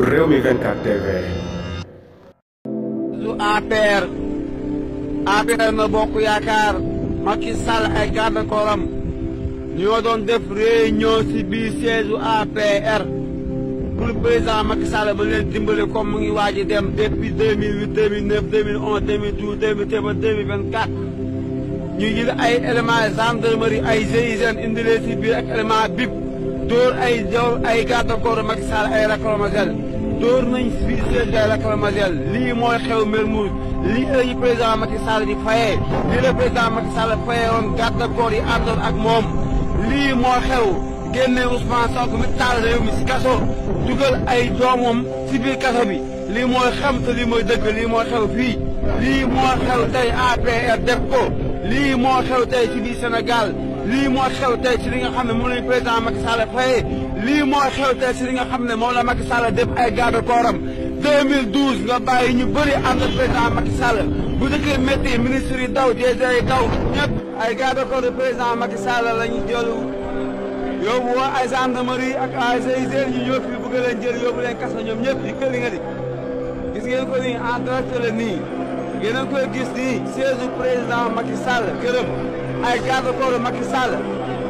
réew mi 24 TV. su APR na bokk yaakaar Macky ay garde corps am ñoo doon def réunion ci biir siège APR pour le président Macky Sall ba leen dimbale mu ngi waaj a dem depuis 2008 2009 2011 2012 2013 ba 2024. ñu jël ay éléments gendarmerie ay GIGN indi leen ci biir ak élément dóor ay jaww ay garde corps Macky Sall ay raccourcis. دورنا نفسي على كلامازيل لي ما يخلو مرمود لي هاي بريزا ما تسال دي فاي لي بريزا ما تسال فاي عن قطع قوري أرضك أكمام لي ما يخلو جنة عثمان ساق متال زي مسكاسو تقول أي دومم تبي كسبي لي ما يخلو تلي ما يدق لي ما يخلو في لي ما يخلو تاي أبي أدبكو لي ما يخلو تاي تبي سنغال لي ما يخلو تاي تلي خم مولى بريزا ما تسال فاي lii moo xew tey si li nga xam ne moom la Macky Sall def ay garde corps am 2012 nga bàyyi ñu bëri ànd ak président Macky bu dëkkee métti ministre yi daw DG yi daw ñëpp ay garde corps du président Macky Sall la ñu jëlu yóbbu woo ay gendarmerie ak ay GIGN ñu ñëw fi bëgg leen jël yóbbu leen kaso ñoom ñëpp yi këli nga di gis ngeen ko nii en direct nii yéen a gis nii siège président Macky Sall këram ay garde corps Macky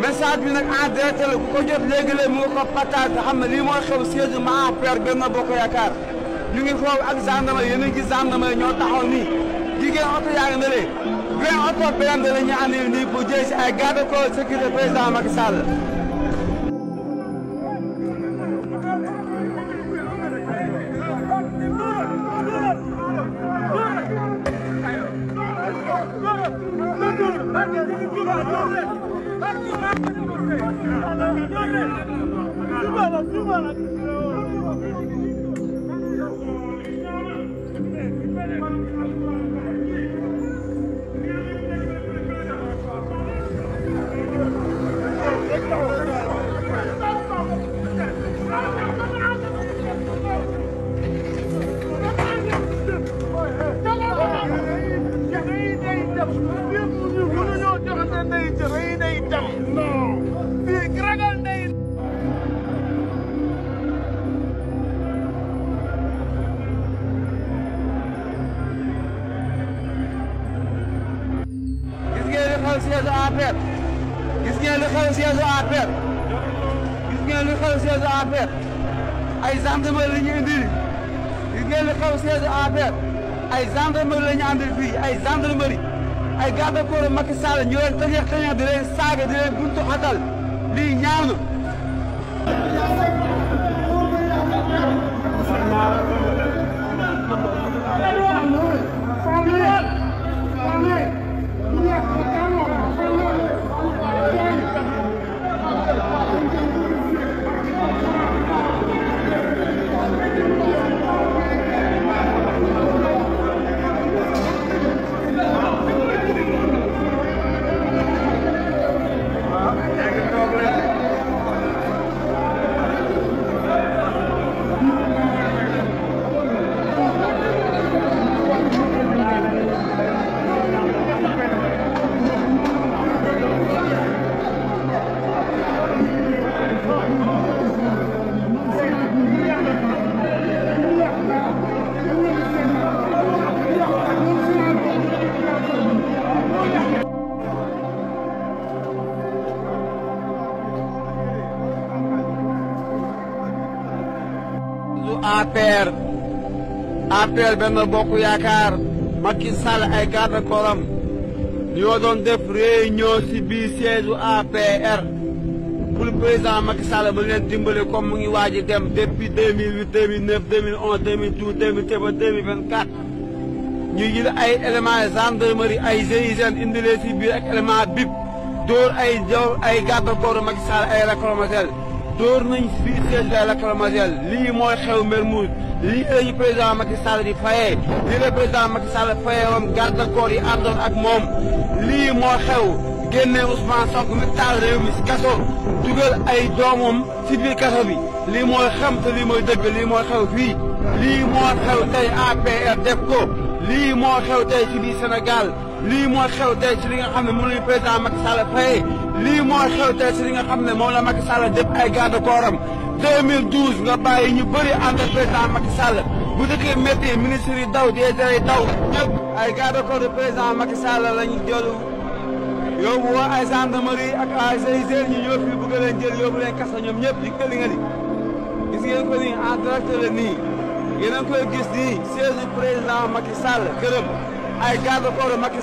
message bi nag en direct la ku ko jot léegi-léegi mu nga ko partage te xam ne lii mooy xew siège ma APR Benno Bokk Yaakaar ñu ngi foofu ak gendarmerie yéen a ngi gis gendarmerie ñoo taxaw nii jigéen oto yaa ngi ne lee vingt oto benn la ñu andi nii pour jël si ay garde corps sécurité président Macky Sall Let's go! Thank you. gis ngeen li xew siège APR ay gendarmerie la la ñu andil fii ay gendarmerie ay garde corps Macky Sall ñu leen tëjeex tëjeex di saaga di buntu xatal lii ñaaw APR APR benn bokk yaakaar Macky Sall ay garde corps am ñoo doon def réunion ci biir siège APR pour le président Macky Sall ba leen dimbale comme mu ngi waaj a dem depuis 2008 2009 2011 2012 2013 ba 2024. ñu jël ay éléments gendarmerie ay GIGN indi leen ci biir ak élément BIP dóor ay jow ay garde corps Macky Sall ay réclamateur دورنا سبيسيال ديال كرمازيال لي موي خيو مرمود لي لاي بريزان ماكي سال دي فاي لي لاي بريزان ماكي سال فاي وام غارد كوري اندون اك لي موي خيو генن عثمان سوك متال ريو مي كاسو دوغال اي دوموم سي كاسو بي لي موي خام لي موي دغ لي موي خيو في لي موي خيو تاي ا بي ار ديف كو لي موي خيو تاي سي بي سنغال لي موي خيو تاي سي ليغا خامي مولاي بريزان ماكي سال فاي lii mooy xew tey li nga xam ne moom la Macky Sall def ay garde corps am 2012 nga bàyyi ñu bëri ànd ak président Macky Sall bu dëkkee métti ministre yi daw DG yi daw ñëpp ay garde corps du président Macky Sall lañu jëlu yóbbu woo ay gendarmerie ak ay GIGN ñi ñoo fi bëgg leen jël kasa ñoom ñëpp di këli nga ni gis ngeen ko nii en direct gis nii siège président Macky Sall këram ay garde corps Macky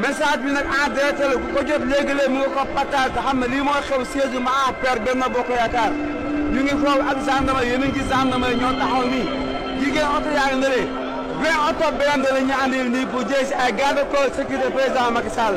message bi nag a direct la ku ko jot léegi-léegi mu nga ko partage te xam ne lii moo xew siège ma APR Benno Bokk Yaakaar ñu ngi foofu ak gendarmerie yéen a ngi gendarmerie ñoo taxaw nii jigéen oto yaa ngi nële vingt oto benn la ñu andil nii pour jëy si ay garde corps sécurité président Macky Sall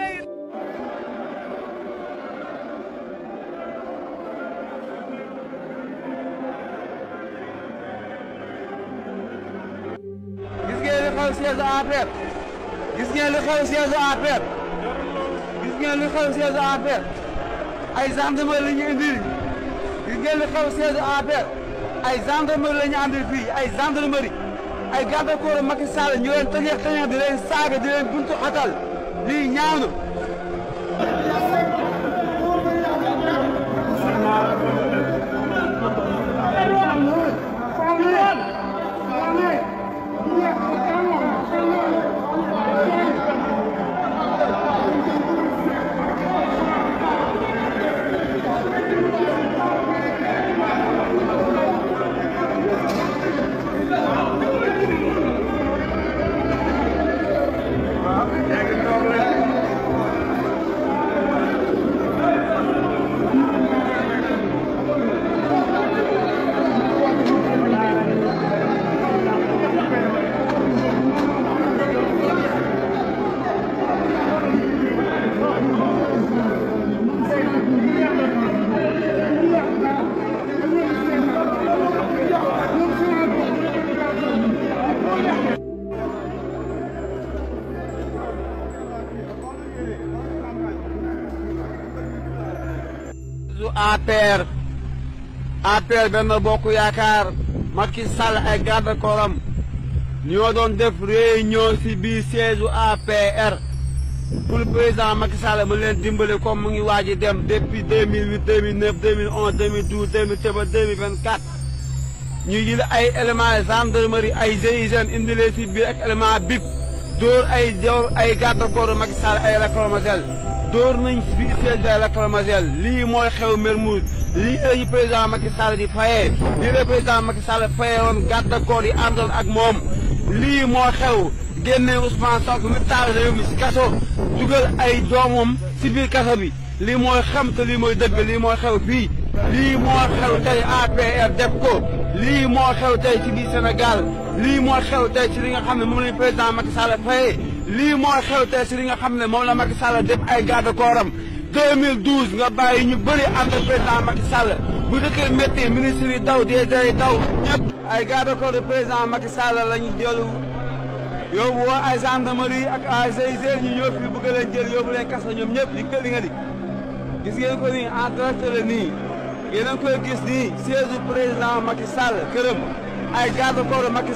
siège e gis ngeen li xew siège APR e gis ngeen li xew siège APR e ay gendarmerie la gis ngeen li xew siège APR ay gendarmerie la ñu andil fii ay gendarmerie ay garde corps Macky ñu leen tëjeex tëjeex di leen saaga di leen buntu xatal lii ñaanu APR APR benn bokk yaakaar Macky Sall ay garde corps-am ñoo doon def réunion ci biir siège APR pour président Macky Sall mu leen dimbale comme mu ngi waaj a dem depuis 2008 2009 2011 2012 2013 ba 2024. ñu jël ay éléments gendarmerie ay GIGN indi leen ci biir ak élément BIP dóor ay joor ay garde corps Macky Sall ay réclamation. دورنا نسبيسيال ديالك رمزيال لي موي خيو مرمود لي يبريزان مكي سالة دي فاية لي يبريزان مكي سالة فاية ون قادة كوري عبدال اك موم لي موي خيو جنة عثمان صوت مبتال ريو ميس كاسو دوغل اي دوموم سبيل كاسو بي لي lii moo xew tey si li nga xam ne moom la Macky Sall def ay garde corps am 2012 nga bàyyi ñu bëri ànd ak président Macky Sall bu dëkkee métti ministre yi daw DG yi daw ñëpp. ay garde corps du président Macky Sall lañu jëlu yóbbu woo ay gendarmerie ak ay GIGN ñu ñëw fii bëgg leen jël yóbbu leen kasa ñoom ñëpp di këli nga di gis ngeen ko nii en direct la nii yéen a ngi koy gis nii siège du président Macky Sall këram ay garde corps Macky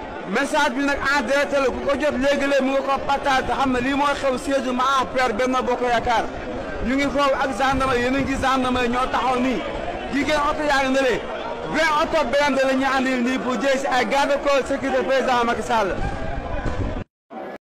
message bi nag en direct la ku ko jot léegi-léegi mu nga ko partage te xam ne lii moo xew siège ma APR Benno Bokk Yaakaar ñu ngi foofu ak gendarmerie yéen a ngi gendarmerie ñoo taxaw nii jigéen oto yaa ngi oto benn la ñu andil nii pour jëy si ay garde corps sécurité président Macky